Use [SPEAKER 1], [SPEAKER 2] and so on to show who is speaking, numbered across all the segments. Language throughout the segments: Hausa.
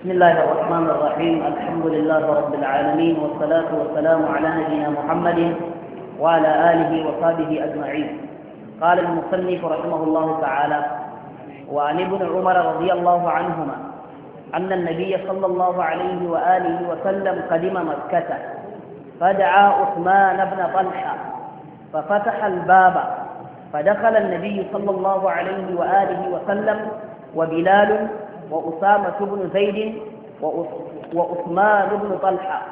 [SPEAKER 1] بسم الله الرحمن الرحيم الحمد لله رب العالمين والصلاة والسلام على نبينا محمد وعلى آله وصحبه أجمعين قال المصنف رحمه الله تعالى وعن ابن عمر رضي الله عنهما أن النبي صلى الله عليه وآله وسلم قدم مكة فدعا عثمان بن طلحة ففتح الباب فدخل النبي صلى الله عليه وآله وسلم وبلال وأسامة بن زيد وأثمان بن طلحة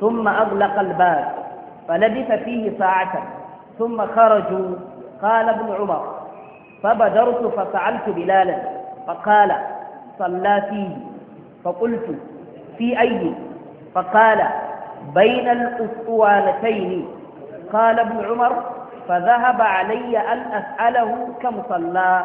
[SPEAKER 1] ثم أغلق الباب فلبث فيه ساعة ثم خرجوا قال ابن عمر فبدرت فسألت بلالا فقال صلى فيه فقلت في أي فقال بين الأسطوانتين قال ابن عمر فذهب علي أن أسأله كم صلاه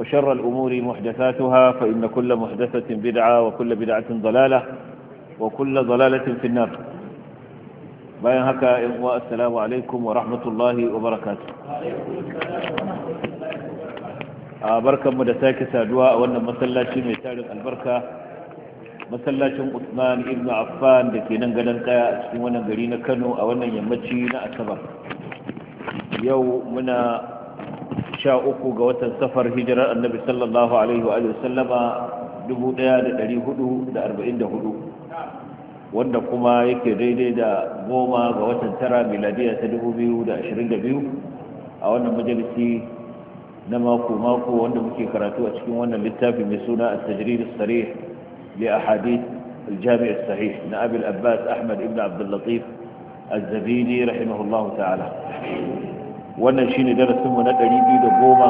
[SPEAKER 1] وشر الأمور محدثاتها فإن كل محدثة بدعة وكل بدعة ضلالة وكل ضلالة في النار bayan haka yan uwa assalamu alaikum wa rahmatullahi wa barakatu da sake saduwa a wannan masallaci mai tarin albarka masallacin usman ibn affan da ke nan gadon kaya a cikin wannan gari na kano a wannan yammaci na asabar yau muna sha ga watan safar hijirar annabi sallallahu alaihi wa sallama dubu ɗaya wanda kuma yake daidai da goma ga watan tara miladiya ta 2022 a wannan majalisi na mako-mako wanda muke karatu a cikin wannan littafi mai suna a tajirir sarih li ahadith الجامع الصحيح من أبي الأباس أحمد بن عبد اللطيف الزبيدي رحمه الله ta'ala wannan ne darasinmu na ɗari biyu da goma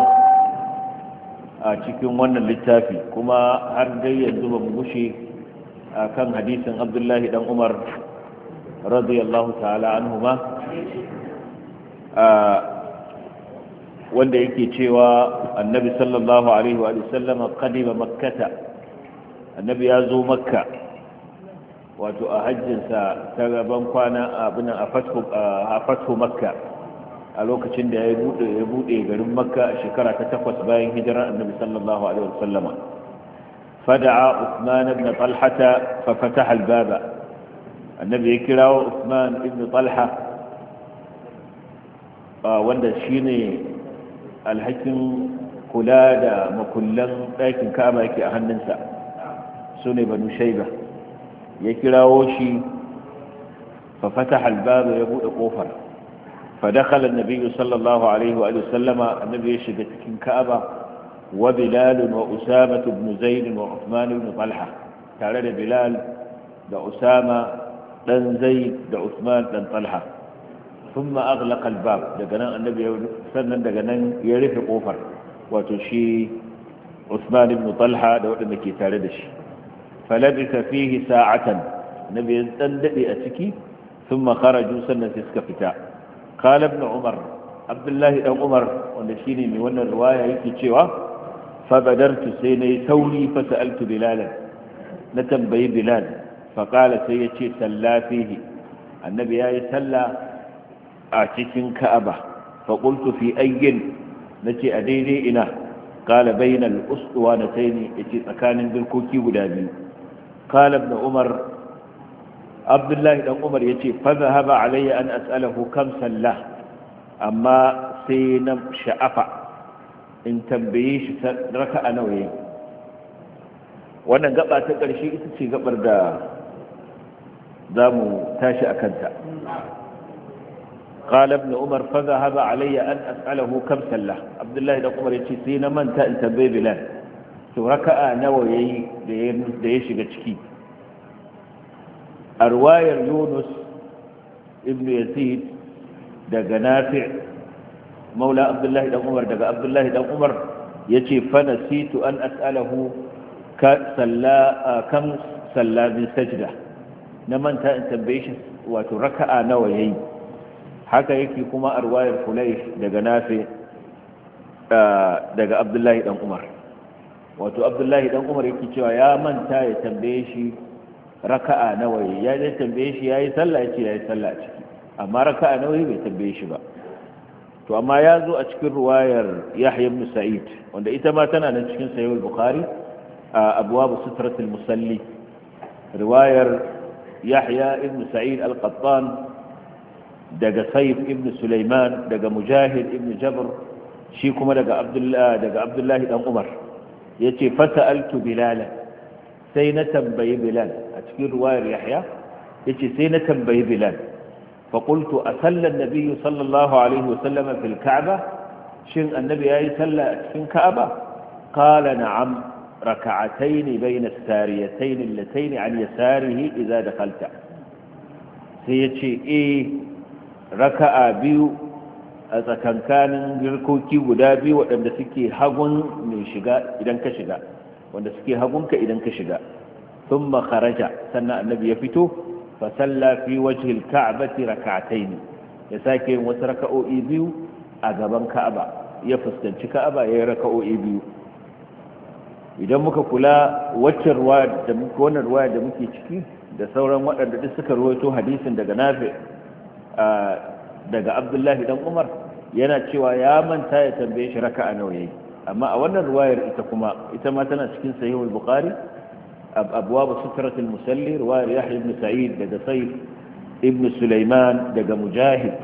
[SPEAKER 1] a cikin wannan littafi kuma har dai yanzu ba mu gushe a kan hadisin abdullahi dan umar radiyallahu ta'ala anhuma wanda yake cewa annabi sallallahu alaihi wa sallama kadima makkata annabi ya zo makka wato a hajjinsa ta gaban kwana abinan a fatho makka a lokacin da ya buɗe garin makka shekara ta takwas bayan hijirar annabi sallallahu alaihi wasallama fada'a usman ibn talhata fa fataha annabi ya kirawo usman ibn talha wanda shine alhakin kula da makullan ɗakin ka'aba yake a hannunsa su ne banu shaiba ya kirawo shi fa fataha baba ya buɗe ƙofar. فدخل النبي صلى الله عليه وآله وسلم النبي يشهد كن كعبة وبلال وأسامة بن زيد وعثمان بن طلحة تعالى بلال دا أسامة دن زيد دا عثمان دن طلحة ثم أغلق الباب دقنا النبي سنة دقنا يرف قوفر وتشي عثمان بن طلحة دا وعدمك تاردش فلبث فيه ساعة النبي يزدن لأسكي ثم خرجوا سنة سكفتاء قال na Umar, Abdullahi Ɗan Umar wanda shi shine mai wannan riwaya yake cewa fa sai sai nayi sauri fa altu bilal na tambayi bilal fa sai yace salla fihi annabi yayi talla a cikin ka'aba fa qultu fi ayyin nace a daidai ina qala bainal ya ce tsakanin bilkoki guda biyu qala na umar abdullahi dan umar ya ce faza haba alayya an as'alahu kam sallah amma sai na sha'afa in tambaye shi raka a nauyi wannan gaba ta ƙarshe ita ce gabar da za mu tashi a kanta قال ابن عمر an علي أن sallah, Abdullahi سلة عبد الله بن عمر يتي سينا من تأنت بلال to raka'a nawa yayi da ya shiga ciki a ruwayar yunus ibn yazid daga nafi maula abdullahi dan umar daga abdullahi dan umar ya ce Fana, Situ, an as'alahu kam salla min sajda na manta in tambaye shi wato raka'a nawa ya yi? haka yake kuma a ruwayar fulaish daga nafi daga abdullahi dan umar wato abdullahi dan umar yake cewa ya manta ya tambaye shi raka'a nawa ya je tambaye shi yayi sallah yace yayi sallah ciki amma raka'a nawa bai tambaye shi ba to amma ya zo a cikin ruwayar Yahya ibn Sa'id wanda ita ma tana nan cikin Sahih al-Bukhari a abwab sitrat al-musalli riwayar Yahya ibn Sa'id al-Qattan daga Saif ibn Sulaiman daga Mujahid ibn Jabr shi kuma daga Abdullah daga Abdullah dan Umar yace fasa'altu Bilal sai na tambayi bilal a cikin ruwayar yahya ce sai na tambayi bilal faƙultu a sallar an-nabiy sallallahu alaihi wasallam fil Ka'aba? shin annabi yi sallar a cikin ka'aba qala na'am rak'atayn bayna ne sariyatayn allatayn an yasarihi da dakhalta sai yace e eh, raka'a biyu a tsakankanin girkoki guda biyu waɗanda suke hagun mai shiga idan ka shiga wanda suke hagunka idan ka shiga sun makaraja sannan annabi ya fito fasallafi wajen fi wajhi ne ya sake yin wasu raka'o'i biyu a gaban ka'aba ya fuskanci ka'aba ya yi raka'o'i biyu idan muka kula wacce wannan ruwa da muke ciki da sauran waɗanda duk suka ruwaito hadisin daga nafi daga abdullahi dan umar yana cewa ya manta ya tambaye shi raka'a nawa yayi amma a wannan ruwayar ita kuma ita ma tana cikin sahihul bukhari abwab sutrat al-musalli ruwayar yahya ibn sa'id daga sa'id ibn sulaiman daga mujahid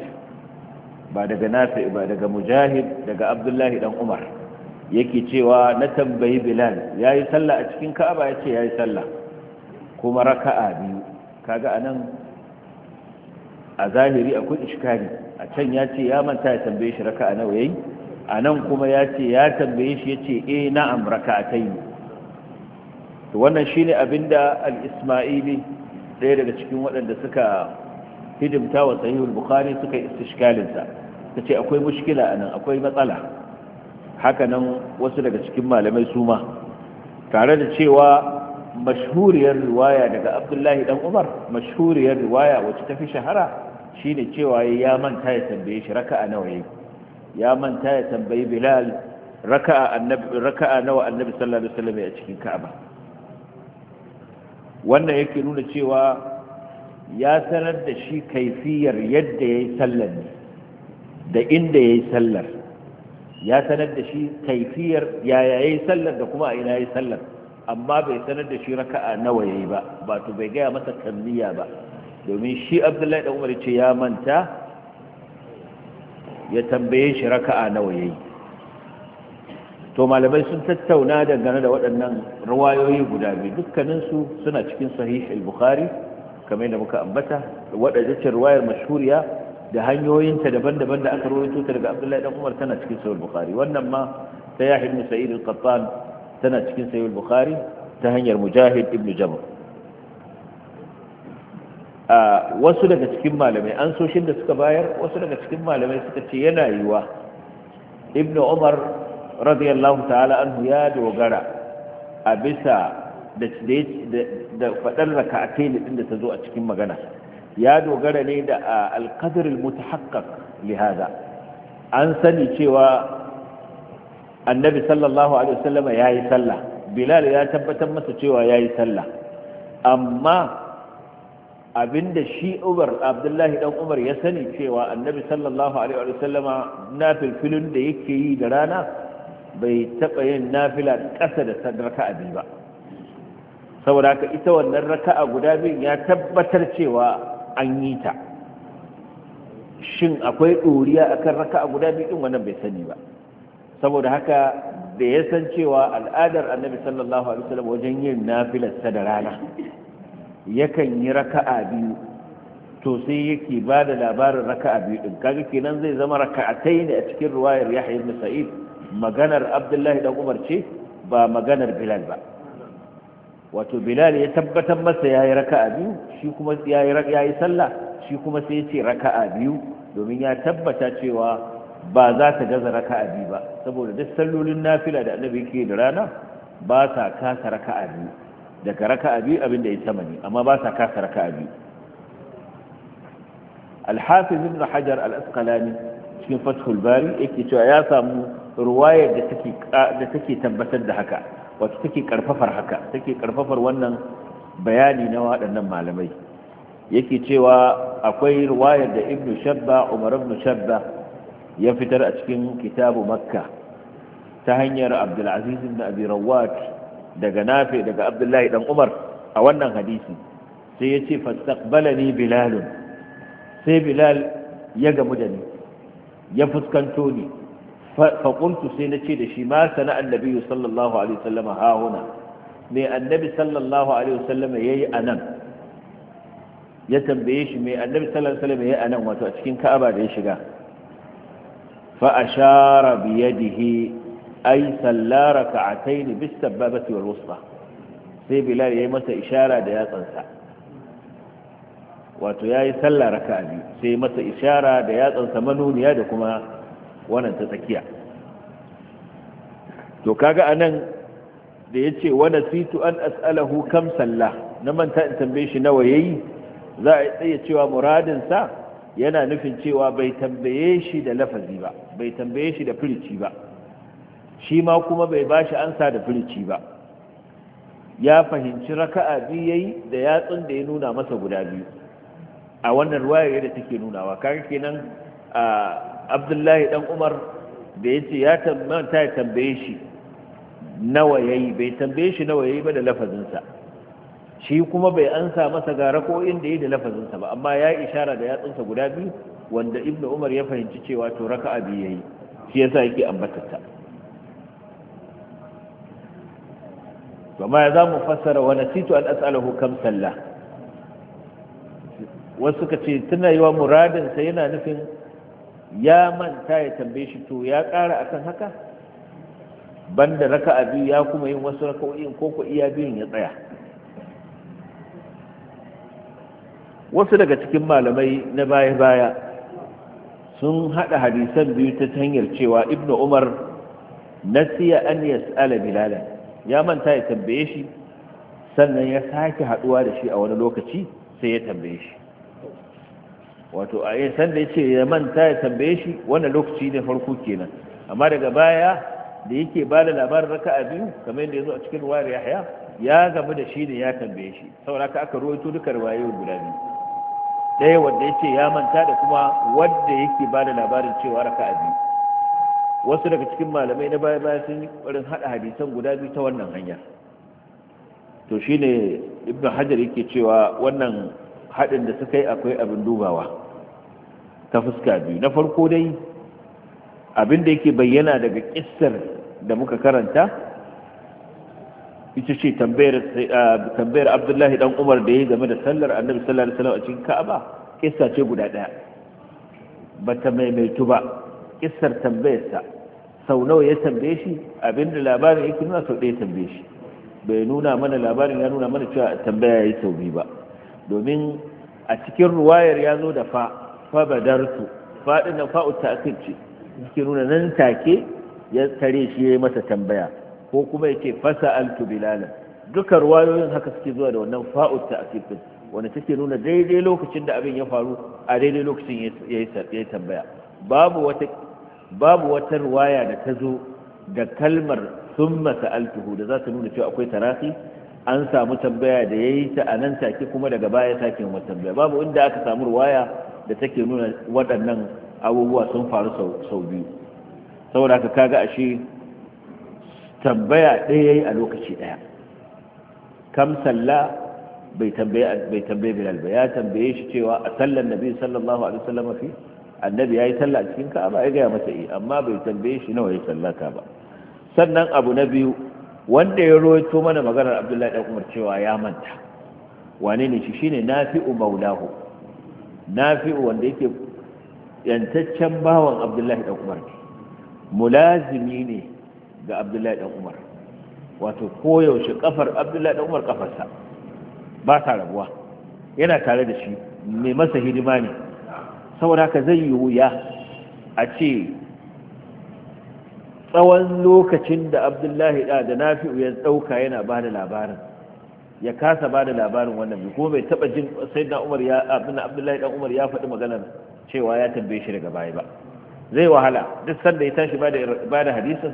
[SPEAKER 1] ba daga nafi ba daga mujahid daga abdullahi dan umar yake cewa na tambayi bilal yayi sallah a cikin ka'aba yace yayi sallah kuma raka'a biyu kaga anan a zahiri akwai iskari a can ya ce ya manta ya tambaye shi raka'a nawa yayi a nan kuma ya ce ya tambaye shi ya ce eh na'am raka'atai to wannan shine abinda al-isma'ili ɗaya daga cikin waɗanda suka hidimta wa sahihul bukhari suka istishkalin sa tace akwai mushkila anan akwai matsala haka nan wasu daga cikin malamai suma. tare da cewa mashhuriyar riwaya daga abdullahi dan umar mashhuriyar riwaya wacce ta fi shahara shine cewa ya manta ya tambaye shi raka'a nawa yake ya manta ya tambayi bilal raka'a nawa annabi sallallahu alaihi wasallam ya cikin ka'aba wannan yake nuna cewa ya sanar da shi kaifiyar yadda yayi sallar da inda yayi sallar ya sanar da shi kaifiyar yaya yayi sallar da kuma a ina yayi sallar amma bai sanar da shi raka'a nawa yayi ba ba to bai gaya masa kammiya ba domin shi abdullahi da umar ce ya manta ya tambaye shi raka'a nawa yayi to malamai sun tattauna dangane da waɗannan ruwayoyi guda biyu dukkaninsu suna cikin sahih al-bukhari kamar da muka ambata waɗanda ruwayar mashhuriya da hanyoyinta daban-daban da aka rawaito ta daga Abdullahi dan Umar tana cikin sahih al-bukhari wannan ma ta Yahya ibn Sa'id al-Qattan tana cikin sahih al-bukhari ta hanyar Mujahid ibn Jabr wasu daga cikin malamai an soshin da suka bayar wasu daga cikin malamai suka ce yana yiwa ibnu umar radiyallahu ta'ala anhu ya dogara a bisa da da fadar raka'atayn inda ta zo a cikin magana ya dogara ne da al-qadr al lihaza an sani cewa annabi sallallahu alaihi wasallama yayi sallah bilal ya tabbatar masa cewa yayi sallah amma abinda shi Umar Abdullahi dan Umar ya sani cewa Annabi sallallahu alaihi wa sallama nafilfilin da yake yi da rana bai taba yin nafila kasa da raka'a biyu ba saboda haka ita wannan raka'a guda biyu ya tabbatar cewa an yi ta shin akwai ɗoriya akan raka'a guda biyu din wannan bai sani ba saboda haka da ya san cewa al'adar Annabi sallallahu alaihi wa sallam wajen yin nafilar sa da rana yakan yi raka'a biyu to sai yake ba da labarin raka'a biyu din kaga kenan zai zama raka'atai ne a cikin ruwayar Yahya ibn Sa'id maganar Abdullahi dan Umar ce ba maganar Bilal ba wato Bilal ya tabbatar masa yayi raka'a biyu shi kuma yayi yayi sallah shi kuma sai yace raka'a biyu domin ya tabbata cewa ba za ta gaza raka'a biyu ba saboda duk sallolin nafila da annabi yake da rana ba sa kasa raka'a biyu daga raka biyu abin da ya sama ne amma ba sa kasa raka biyu alhafiz hafiz ibn hajar al-asqalani cikin fathul bari yake cewa ya samu ruwayar da take da take tabbatar da haka wato take karfafar haka take karfafar wannan bayani na waɗannan malamai yake cewa akwai ruwayar da ibn shabba umar ibn shabba ya fitar a cikin kitabu makka ta hanyar abdulaziz ibn abi rawat daga nafi daga abdullahi dan umar a wannan hadisi sai ya ce fastaqbalani bilalun sai bilal ya gamu da ni ya fuskanto ni faƙuntu sai na ce da shi ma sana annabi sallallahu alaihi wasallama ha huna me annabi sallallahu alaihi wasallama yayi anan ya tambaye shi me annabi sallallahu alaihi wasallama yayi anan wato a cikin ka'aba da ya shiga fa ashara bi yadihi ai sallara ka'atai ne bis sabbabati sai bilal ya yi masa ishara da yatsansa wato ya yi sallah raka biyu sai masa ishara da yatsansa manuniya da kuma wannan ta tsakiya to kaga anan da ya ce wani situ an as'alahu kam sallah na manta in tambaye shi nawa yayi za a tsaye cewa muradinsa yana nufin cewa bai tambaye shi da lafazi ba bai tambaye shi da firici ba shi ma kuma bai ba shi ansa da firici ba ya fahimci raka'a biyu yayi da yatsun da ya nuna masa guda biyu a wannan ruwayar da take nunawa kaga kenan abdullahi dan umar da ya ce ya tambanta ya tambaye shi nawa yayi bai tambaye shi nawa yayi ba da lafazinsa shi kuma bai ansa masa ga rako'in da yayi da lafazinsa ba amma ya ishara da yatsunsa guda biyu wanda ibnu umar ya fahimci cewa to raka'a biyu yayi shi yasa yake ta to ma ya zamu fassara wa nasitu an as'alahu kam salla wasu suka ce tuna yi muradin sa yana nufin ya manta ya tambaye shi to ya ƙara akan haka banda raka'a biyu ya kuma yin wasu raka'o'in ko ko iya biyun ya tsaya wasu daga cikin malamai na baya-baya sun haɗa hadisan biyu ta hanyar cewa ibnu umar nasiya an yas'ala bilalan ya manta ya tambaye shi sannan ya sake haduwa da shi a wani lokaci sai ya tambaye shi wato a yin sanda ya ce ya manta ya tambaye shi wannan lokaci ne farko kenan amma daga baya da yake ba da labarin raka a biyu kamar yadda ya zo a cikin ya yahaya ya gamu da shi ne ya tambaye shi saboda ka aka ruwaito duka wayewar guda biyu ɗaya wanda ya ce ya manta da kuma wanda yake ba da labarin cewa raka a biyu wasu daga cikin malamai na baya baya sun yi ƙwarin haɗa hadisan guda biyu ta wannan hanya to shi ne ibnu hajar yake cewa wannan haɗin da suka yi akwai abin dubawa ta fuska biyu na farko dai abin da yake bayyana daga kistar da muka karanta ita ce tambayar abdullahi dan umar da ya yi game da sallar annabi sallar salam a cikin ka'aba kista ce guda ɗaya ba ta maimaitu ba kistar tambayarsa sau nawa ya tambaye shi abinda labarin yake nuna sau ɗaya tambaye shi bai nuna mana labarin ya nuna mana cewa tambaya yayi sau biyu ba domin a cikin ruwayar ya zo da fa fa badartu fa ɗin nan fa'u ce yake nuna nan take ya tare shi yayi masa tambaya ko kuma yake fasa'altu bilalan duka ruwayoyin haka suke zuwa da wannan fa'u ta'kid wanda take nuna daidai lokacin da abin ya faru a daidai lokacin ya yi tambaya babu wata babu wata ruwaya da ta zo da kalmar summa sa'altuhu da za ta nuna cewa akwai tarafi an samu tambaya da yayi ta a nan take kuma daga baya take yin wata tambaya babu inda aka samu ruwaya da take nuna waɗannan abubuwa sun faru sau biyu saboda haka kaga ashe tambaya ɗaya yi a lokaci ɗaya kam sallah bai tambaye bilal ba ya tambaye shi cewa a sallan nabi sallallahu alaihi wasallam fi annabi yayi sallah a cikin ka'aba ya gaya masa yi eh, amma bai tambaye shi nawa ya tallaka ba sannan abu na biyu wanda ya rawaito mana maganar Abdullahi ɗan Umar cewa ya manta wane ne shi shine Nafi'u maulahu Nafi'u wanda yake yantaccen bawan Abdullahi ɗan Umar mulazimi ne ga Abdullahi ɗan Umar wato koyaushe kafar Abdullahi ɗan Umar kafarsa ba ta rabuwa yana tare da shi mai masa hidima ne saboda haka zai yi wuya a ce tsawon lokacin da abdullahi da nafi'u ya ɗauka yana ba da labarin ya kasa ba da labarin wannan biyu kuma bai taɓa jin sai umar ya abin abdullahi dan umar ya faɗi maganar cewa ya tambaye shi daga baya ba zai wahala duk sanda ya tashi ba da hadisin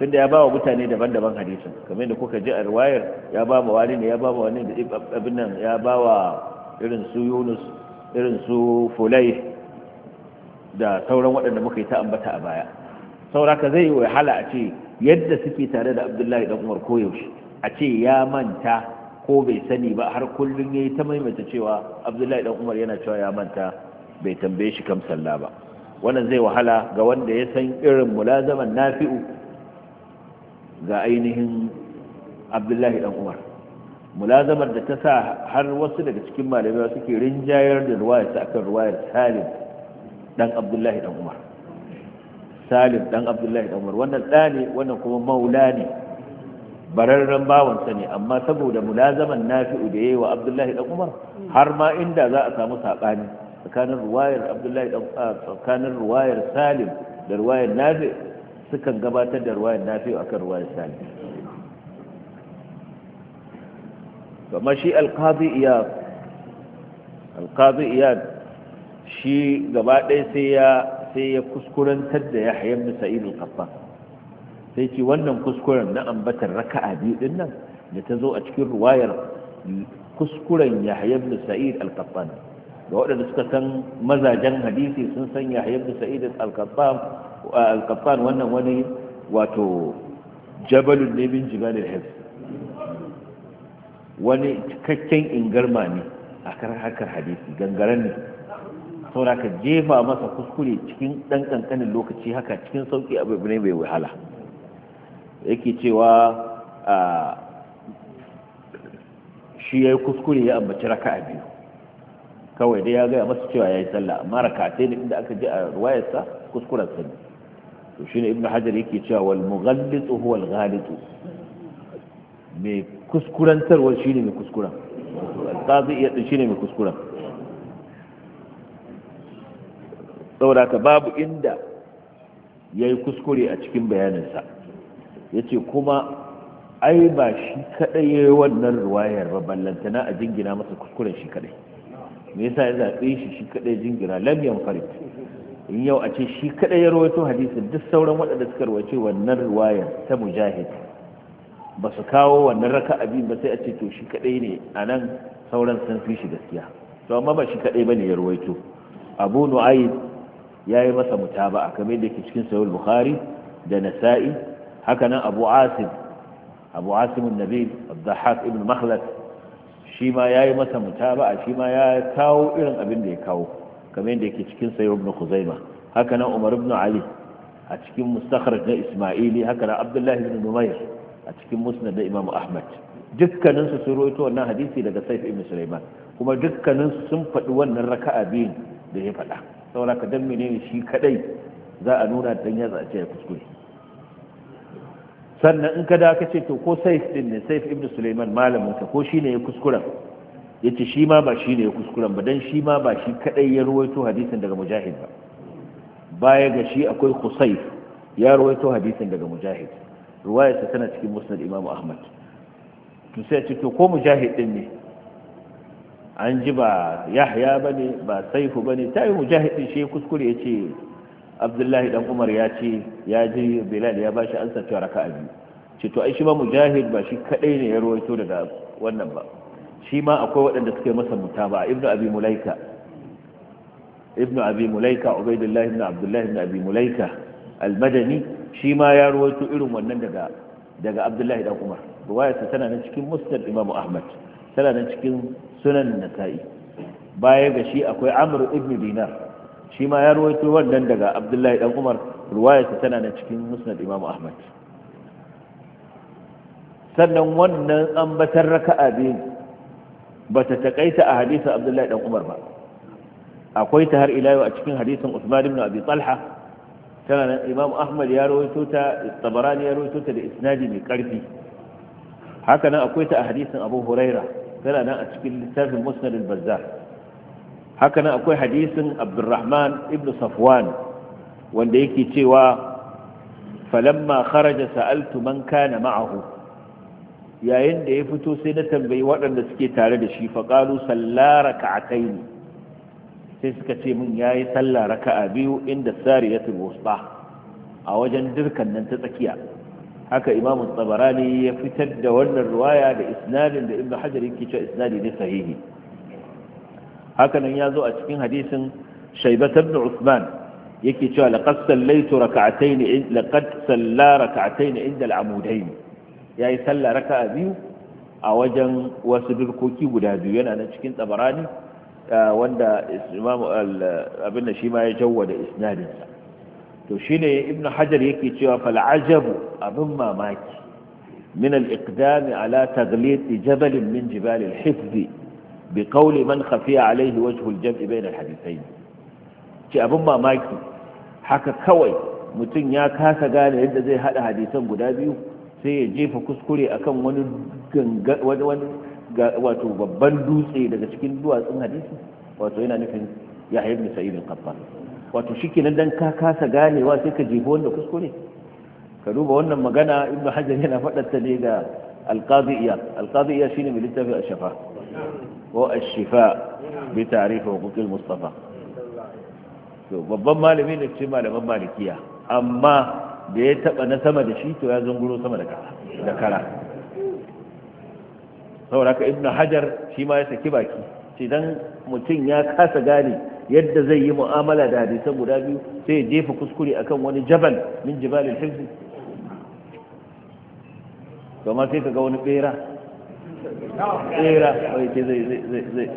[SPEAKER 1] tunda ya ba wa mutane daban-daban hadisin kamar da kuka ji a riwayar ya ba ma wani ne ya ba wa wani da abin ya ba wa irin su yunus irin su fulai da sauran waɗanda muka yi ta ambata a baya sauraka zai yi wahala a ce yadda suke tare da abdullahi dan umar koyaushe a ce ya manta ko bai sani ba har kullum ya yi ta maimaita cewa abdullahi dan umar yana cewa ya manta bai tambaye shi kam sallah ba wannan zai wahala ga wanda ya san irin mulazaman nafi'u ga ainihin abdullahi dan umar mulazamar da ta sa har wasu daga cikin malamai suke rinjayar da ruwayarsa akan ruwayar salim dan abdullahi dan umar salim dan abdullahi dan umar wannan da ne wannan kuma maula ne bararren bawansa ne amma saboda mulazaman nafi'u da yayi wa abdullahi dan umar har ma inda za a samu saɓani tsakanin ruwayar abdullahi dan tsakanin ruwayar salim da ruwayar nafi sukan gabatar da ruwayar nafi akan ruwayar salim kamar shi alqadi iyad alqadi iyad shi gaba ɗaya sai ya sai ya kuskurantar da ya hayan al sai ce wannan kuskuren na ambatar raka'a biyu din nan da ta zo a cikin ruwayar kuskuren ya hayan da al da ga waɗanda suka san mazajen hadisi sun san ya hayan al wannan wani wato jabalun ne bin hef wani cikakken ingarma ne a kan harkar hadisi gangaren ne saboda ka jefa masa kuskure cikin ɗan ƙanƙanin lokaci haka cikin sauƙi abu ne bai wahala yake cewa shi ya yi kuskure ya ambaci raka'a a biyu kawai dai ya gaya masa cewa ya yi sallah amma raka ta inda aka ji a ruwayarsa kuskuren sani to shine ibnu hajar yake cewa wal mughallitu huwa al ghalitu mai kuskurantarwa shine mai kuskuren alqazi ya shine mai kuskura. saboda ka babu inda ya yi kuskure a cikin bayaninsa ya ce kuma ai ba shi kaɗai wannan ruwayar ba ballantana a jingina masa kuskuren shi kaɗai me yasa ya zaɓe shi shi kaɗai jingina lamiyan farin in yau a ce shi kaɗai ya rawaito hadisin duk sauran waɗanda suka rawaito wannan ruwayar ta mujahid ba su kawo wannan raka abin ba sai a ce to shi kaɗai ne a nan sauran sun fi shi gaskiya to amma ba shi kaɗai ba ne ya rawaito abu nu'ayyid ya yi masa mutaba'a kamar da ke cikin sahih bukhari da nasa'i haka nan abu asim abu asim annabi dhahhak ibn makhlad shi ma ya yi masa mutaba'a shi ma ya kawo irin abin da ya kawo kamar da ke cikin sahih ibn khuzaimah haka umar ibn ali a cikin Mustakhar na isma'ili haka abdullahi ibn numayr a cikin musnad da imam ahmad dukkaninsu sun rawaito wannan hadisi daga saif ibn sulaiman kuma dukkaninsu sun faɗi wannan raka'a biyun da ya faɗa saboda ka dan menene shi kadai za a nuna dan ya zace ya kuskure sannan in ka da ka ce to ko saif din ne saif ibnu sulaiman malamin ka ko shine ya kuskura? yace shi ma ba shine ya kuskura ba dan shi ma ba shi kadai ya ruwaito hadisin daga mujahid ba baya ga shi akwai khusayf ya ruwaito hadisin daga mujahid ruwayarsa tana cikin musnad Imam ahmad to sai ce to ko mujahid din ne an ji ba yahya ba ne ba saifu ba ne ta yi mujahidin shi kuskure ya ce abdullahi dan umar ya ce ya ji bilal ya ba shi an sattuwa raka abi ce to ai shi ba mujahid ba shi kadai ne ya rawaito daga wannan ba shi ma akwai waɗanda suka yi masa muta ba ibnu abi mulaika ibnu abi mulaika ubaidullah ibnu abdullah ibnu abi mulaika al-madani shi ma ya rawaito irin wannan daga daga abdullahi dan umar ruwayarsa tana nan cikin musnad imamu ahmad tana nan cikin sunan nasa'i baya ga shi akwai amr ibn dinar shi ma ya ruwaito wannan daga abdullahi dan umar ruwayarsa tana nan cikin musnad imam ahmad sannan wannan ambatar raka'a biyu ba ta takaita a hadisin abdullahi dan umar ba akwai ta har ila a cikin hadisin usman ibn abi talha tana nan imam ahmad ya rawaito ta tabarani ya rawaito ta da isnadi mai karfi haka nan akwai ta a hadisin abu huraira tana nan a cikin littafin musnad al-bazzar haka nan akwai hadisin abdurrahman ibn safwan wanda yake cewa falamma kharaja sa'altu man kana ma'ahu yayin da ya fito sai na tambayi waɗanda suke tare da shi faqalu sallara ka'atayn sai suka ce min yayi sallah raka'a biyu inda sariyatul wusta a wajen dirkan nan ta tsakiya haka imamu tsabarani ya fitar da wannan ruwaya da isnadin da ibn hajar yake cewa isnadi ne sahihi hakanan ya zo a cikin hadisin shaibatar da usman yake cewa laqad sallaitu raka'atayn laqad salla raka'atayn inda al-amudayn yayi salla raka'a biyu a wajen wasu durkoki guda biyu yana nan cikin tsabarani eh, wanda imamu abin da shi ma ya jawwada sa. to ne ibn hajar yake cewa fal abin mamaki min al ala taghlit jabalin min jibal al hifz bi qawli man khafiya alaihi wajh al jam'i bain al hadithain ce abin mamaki haka kawai mutum ya kasa gane yadda zai hada hadisan guda biyu sai ya jefa kuskure akan wani wani wato babban dutse daga cikin duwatsun hadisi wato yana nufin ya ibn sa'id al wato shikenan dan ka kasa ganewa sai ka jefo wanda kuskure ka duba wannan magana ibnu hajar yana faɗar ta ne ga alqadi iyad shi ne shine mai littafi ash-shafa ko ash-shifa bi ta'rif huquq al-mustafa to babban malami ne ce malaman malikiya amma da ya taba na sama da shi to ya zunguro sama da kara saboda ka Ibn hajar shi ma ya saki baki idan mutum ya kasa gane yadda zai yi mu'amala da hadisan guda biyu sai ya jefa kuskure akan wani jabal min jibalil hifzi kamar sai ka ga wani bera
[SPEAKER 2] bera wai ke
[SPEAKER 1] zai zai zai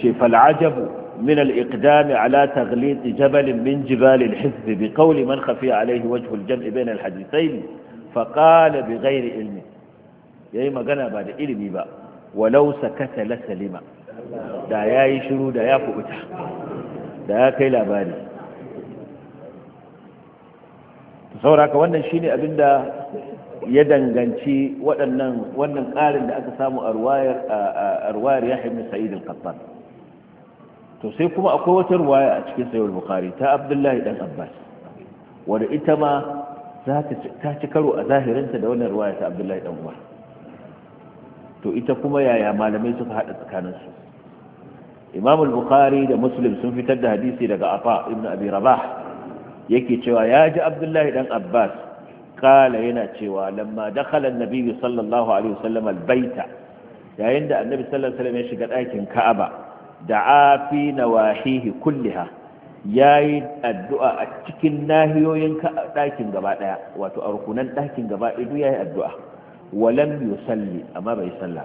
[SPEAKER 1] ce fal'ajabu من الإقدام على تغليط جبل من جبال الحزب بقول من خفي عليه وجه الجمع بين الحديثين فقال بغير علم yayi magana ba da ilimi ba walau sakata la salima da yi shiru da ya kubuta da ya kai labari sauraka wannan shine abinda ya danganci waɗannan wannan ƙarin da aka samu a ruwayar a ruwayar Yahya Sa'id al-Qattan to sai kuma akwai wata ruwaya a cikin Sahih al-Bukhari ta Abdullahi dan Abbas wanda ita ma za ta ci karo a zahirinta da wannan ruwaya ta Abdullahi dan Umar to ita kuma yaya malamai suka haɗa tsakaninsu imam al-bukhari da muslim sun fitar da hadisi daga afa ibn abi rabah yake cewa ya ji abdullahi dan abbas kala yana cewa lamma dakhala an sallallahu alaihi wasallam al-baita yayin da annabi sallallahu alaihi wasallam ya shiga ɗakin ka'aba da'a fi nawahihi kulliha yayi addu'a a cikin nahiyoyin ɗakin gaba daya wato a rukunan ɗakin gaba ɗaya yayi addu'a walam salli amma bai salla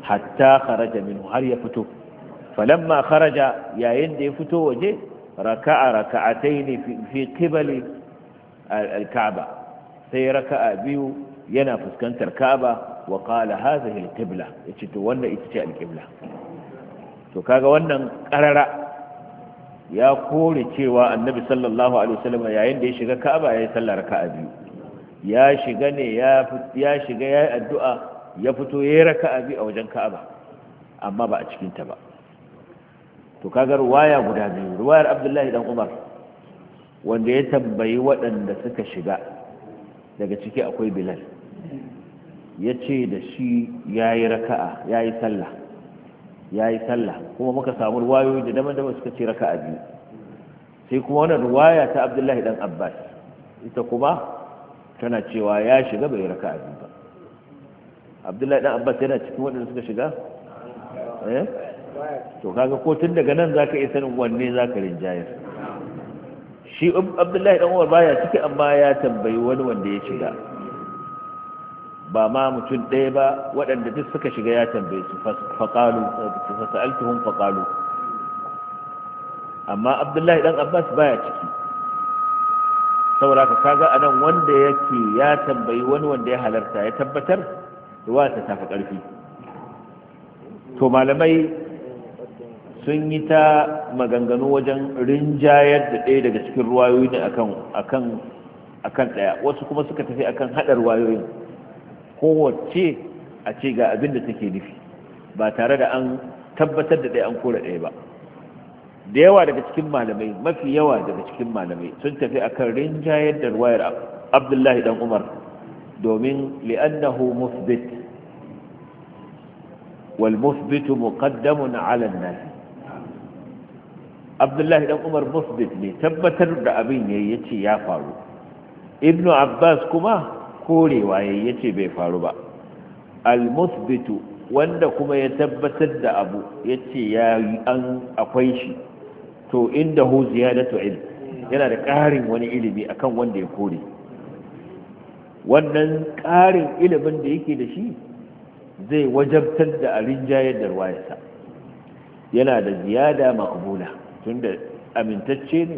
[SPEAKER 1] hatta kharaja min har ya fito falamma kharaja yayin da ya fito waje raka'a ne fi qibali al-ka'ba sai raka'a biyu yana fuskantar ka'aba wa qala hadhihi al-qibla yace to wannan ita ce al-qibla to kaga wannan karara ya kore cewa annabi sallallahu alaihi wasallam yayin da ya shiga ka'aba yi sallar raka'a biyu ya shiga ne ya shiga ya yi addu'a ya fito ya yi raka abi a wajen ka'aba amma ba a cikinta ba to kaga ruwaya guda biyu ruwayar abdullahi dan umar wanda ya tambayi waɗanda suka shiga daga ciki akwai bilal ya ce da shi ya yi raka'a ya yi sallah ya yi sallah kuma muka samu ruwayoyi da daban-daban suka ce raka'a biyu sai kuma wannan ruwaya ta abdullahi dan abbas ita kuma tana cewa ya shiga bai raka a ba abdullahi dan abbas yana cikin waɗanda suka shiga to kaga ko tun daga nan zaka iya sanin wanne zaka rinjayar shi abdullahi dan umar baya ciki amma ya tambayi wani wanda ya shiga ba ma mutum ɗaya ba waɗanda duk suka shiga ya tambaye su faƙalu fasa'altuhum faƙalu amma abdullahi dan abbas baya ciki saboda ka kaga anan wanda yake ya tambayi wani wanda ya halarta ya tabbatar ruwa ta tafi karfi to malamai sun yi ta maganganu wajen rinjayar da ɗaya daga cikin ruwayoyi ne akan akan akan ɗaya wasu kuma suka tafi akan hadar ruwayoyin kowace a ce ga abin da take nufi ba tare da an tabbatar da ɗaya an kore ɗaya ba da yawa daga cikin malamai mafi yawa daga cikin malamai sun tafi a kan rinjayar da ruwayar abdullahi dan umar domin li'annahu musbit wal musbitu muqaddamun ala nas abdullahi dan umar musbit ne tabbatar da abin yayi yace ya faru ibnu abbas kuma korewa ya yace bai faru ba al musbitu wanda kuma ya tabbatar da abu yace ya yi an akwai shi to inda hu ziyadatu ilm yana da ƙarin wani ilimi akan wanda ya kore wannan ƙarin ilimin da yake da shi zai wajabtar da a rinjayar da ruwayarsa yana da ziyada makabula tunda amintacce ne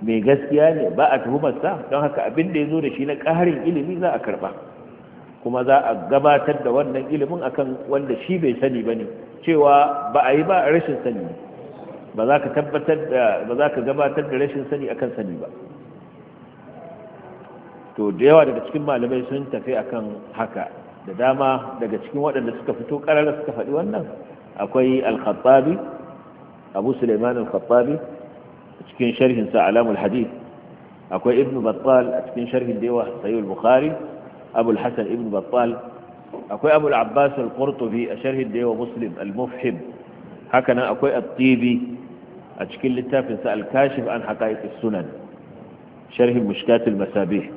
[SPEAKER 1] mai gaskiya ne ba a tuhumarsa don haka abin da ya zo da shi na ƙarin ilimi za a karba kuma za a gabatar da wannan ilimin akan wanda shi bai sani ba ne cewa ba a yi ba rashin sani ba za ka tabbatar da ba za ka gabatar da rashin sani akan sani ba to da yawa daga cikin malamai sun tafi akan haka da dama daga cikin waɗanda suka fito ƙararra suka faɗi wannan akwai al-khattabi abu suleiman al-khattabi a cikin sharhin sa alamul hadith akwai Ibn battal a cikin sharhin da yawa sayyid bukhari abul hasan ibnu battal akwai abul abbas al-qurtubi a sharhin da yawa muslim al-mufhim haka nan akwai at-tibi a cikin littafinsa alkashif an haƙa'iƙis sunan sharhin mushkatul masabih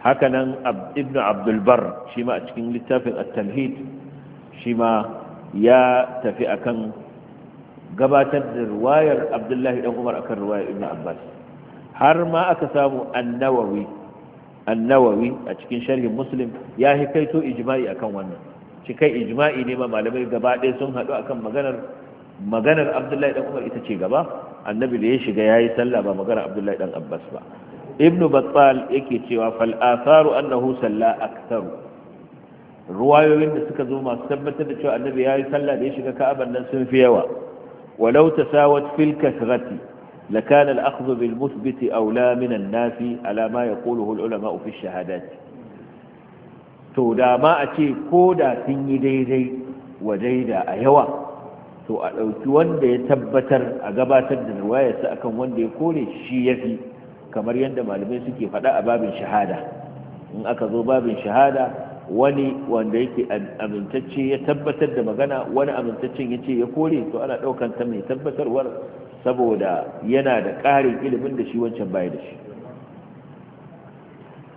[SPEAKER 1] haka nan ibn abdulbar shi ma a cikin littafin at-tamhid shi ma ya tafi akan gabatar da ruwayar abdullahi dan umar akan ruwayar ibn abbas har ma aka samu annawawi annawawi a cikin sharhin muslim ya hikaito ijma'i akan wannan shi kai ijma'i ne ma malamai gaba ɗaya sun haɗu akan maganar maganar abdullahi ɗan umar ita ce gaba annabi da ya shiga yi sallah ba maganar abdullahi ɗan abbas ba ibnu battal yake cewa fal atharu annahu salla aktharu ruwayoyin da suka zo masu tabbatar da cewa annabi ya yi sallah da ya shiga ka'aban nan sun fi yawa walau tasawat fil kasrati lakana al-akhdhu bil muthbit awla min an-nafi ala ma yaquluhu al-ulama fi shahadat to da ma a ce ko da sun yi daidai wa daida a yawa to a ɗauki wanda ya tabbatar a gabatar da ruwayarsa akan wanda ya kore shi ya fi kamar yadda malamai suke faɗa a babin shahada in aka zo babin shahada wani wanda yake amintacce ya tabbatar da magana wani amintaccen ya ce ya kore to ana ɗaukan ta mai tabbatarwar saboda yana da ƙarin ilimin da shi wancan baya da shi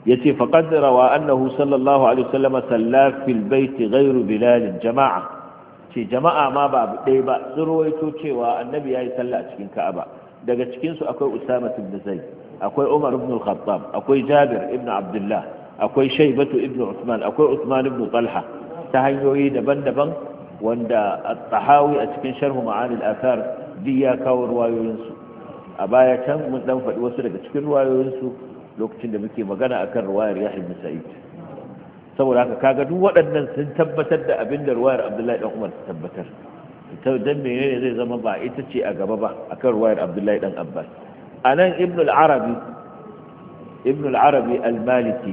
[SPEAKER 1] ya ce faƙad wa annahu sallallahu alaihi wasallam salla baiti ghairu bilalin jama'a ce jama'a ma ba abu ɗaya ba sun rawaito cewa annabi ya yi sallah a cikin ka'aba daga cikinsu akwai usama ibn zaid akwai umar ibn khattab akwai jabir ibn abdullah akwai Shaibatu ibn usman akwai usman ibn talha ta hanyoyi daban-daban wanda at a cikin sharhu ma'ani al-athar duk ya kawo ruwayoyinsu a baya can mun dan faɗi wasu daga cikin ruwayoyinsu lokacin da muke magana akan ruwayar yahya ibn sa'id saboda haka kaga duk waɗannan sun tabbatar da abin da ruwayar abdullahi dan umar ta tabbatar ta dan menene zai zama ba ita ce a gaba ba akan ruwayar abdullahi dan abbas anan ibn al-arabi ibn al-arabi al-maliki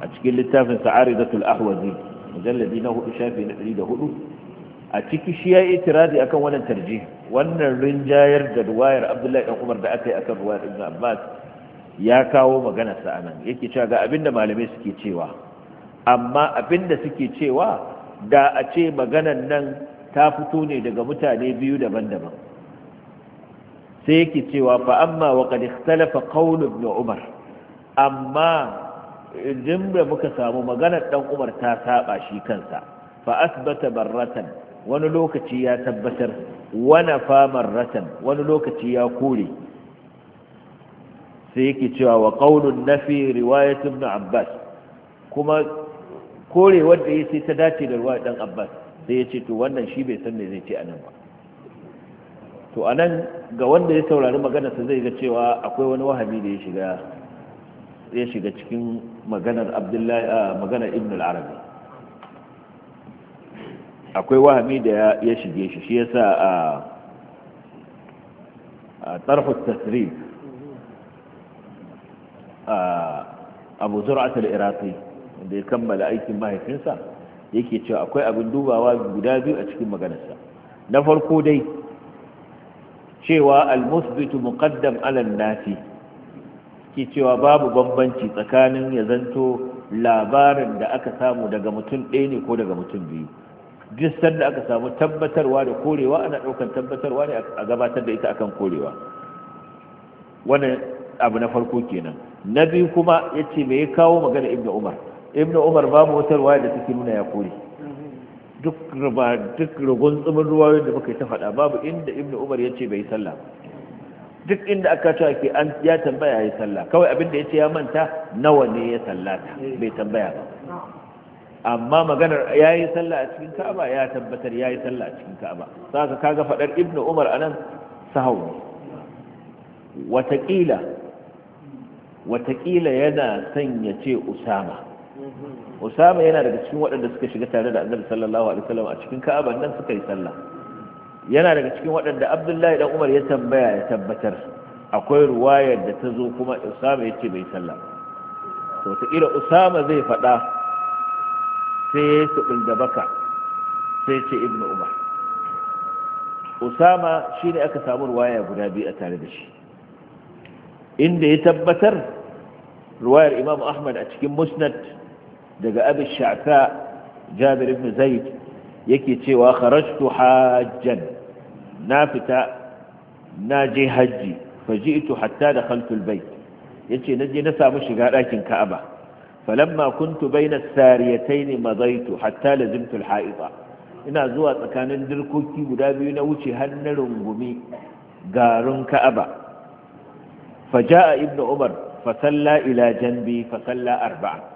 [SPEAKER 1] a cikin littafin sa'aridatul ahwazi mujalladi na hudu shafi na ɗari da hudu a ciki shi ya yi itiradi akan wannan tarji wannan rinjayar da ruwayar abdullahi dan umar da aka yi akan ruwayar ibn abbas ya kawo magana sa anan yake cewa ga abin da malamai suke cewa amma abinda suke cewa da a ce maganan nan ta fito ne daga mutane biyu daban-daban sai yake cewa fa amma wa qad ikhtalafa qawl ibn umar amma idan da muka samu maganar dan umar ta saba shi kansa fa asbata barratan wani lokaci ya tabbatar wani famar ratan wani lokaci ya kore sai yake cewa wa qaulun nafi riwayat ibn abbas kuma kore wanda ya ce ta dace da ruwa dan abbas sai ya ce to wannan shi bai san me zai ce anan ba to a nan ga wanda ya saurari maganarsa zai ga cewa akwai wani wahabi da ya shiga ya shiga cikin maganar abdullahi ah, maganar ibn al-arabi akwai wahabi da ya shige shi shi yasa a tarhut tasrif abu zur'at al-iraqi wanda ya kammala aikin mahaifinsa yake cewa akwai abin dubawa guda biyu a cikin maganarsa na farko dai cewa almusbitu muqaddam ala nafi ke cewa babu bambanci tsakanin ya zanto labarin da aka samu daga mutum ɗaya ne ko daga mutum biyu duk da aka samu tabbatarwa da korewa ana ɗaukar tabbatarwa ne a gabatar da ita akan korewa wannan abu na farko kenan na biyu kuma ya ce me ya kawo magana ibnu umar ibnu umar babu wata waya da take nuna ya kore duk ruba duk rugun tsumin ruwa yadda muka yi ta faɗa babu inda ibnu umar ya ce bai sallah duk inda aka cewa ke an ya tambaya ya sallah kawai abin da ya ce ya manta nawa ne ya sallata bai tambaya ba amma maganar ya yi sallah a cikin ka'aba ya tabbatar ya yi sallah a cikin ka'aba saka kaga faɗar ibnu umar anan sahau ne Wataƙila. Wataƙila yana son ya ce usama usama yana daga cikin waɗanda suka shiga tare da annabi sallallahu alaihi wasallam a cikin ka'aba nan suka yi sallah yana daga cikin waɗanda abdullahi dan umar ya tambaya ya tabbatar akwai ruwayar da ta zo kuma usama ya ce bai sallah to ta kira usama zai faɗa sai ya su da baka sai ce ibnu umar usama shine aka samu ruwaya guda biyu a tare da shi inda ya tabbatar ruwayar imam ahmad a cikin musnad daga abin sha'ka jabir ibn zaid yake cewa kharajtu hajjan na fita na je hajji faji'tu hatta dakhaltu albayt yace na je na samu shiga dakin ka'aba falamma kuntu bayna sariyatayn madaitu hatta lazimtu alha'ita ina zuwa tsakanin dirkoki guda biyu na wuce hannun rungumi garin ka'aba faja'a ibnu umar fasalla ila Jambe fasalla arba'a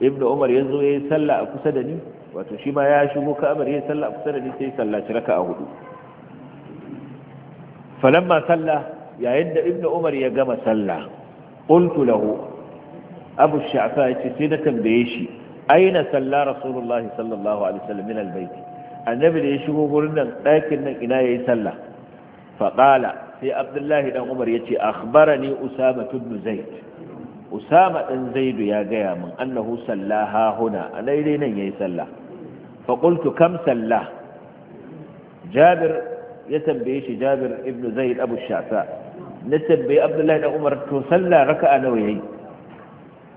[SPEAKER 1] ibn umar ya zo ya yi sallah a kusa da ni wato shi ma ya shigo ka'abar ya sallah a kusa da ni sai sallaci raka a hudu falamma sallah yayin da ibn umar ya gama sallah qultu lahu abu sha'fa yace sai na tambaye shi aina salla rasulullah sallallahu alaihi wasallam min albayt annabi da ya shigo gurin nan ɗakin nan ina yayi sallah fa qala sai abdullahi dan umar yace akhbarani usama ibn zaid usama ɗin zaidu ya gaya min annahu sallaha huna a daidai nan ya yi sallah faƙultu kam sallah jabir ya tambaye shi jabir ibn zaid abu shafa na tambaye abdullahi da umar to sallah a nawa yayi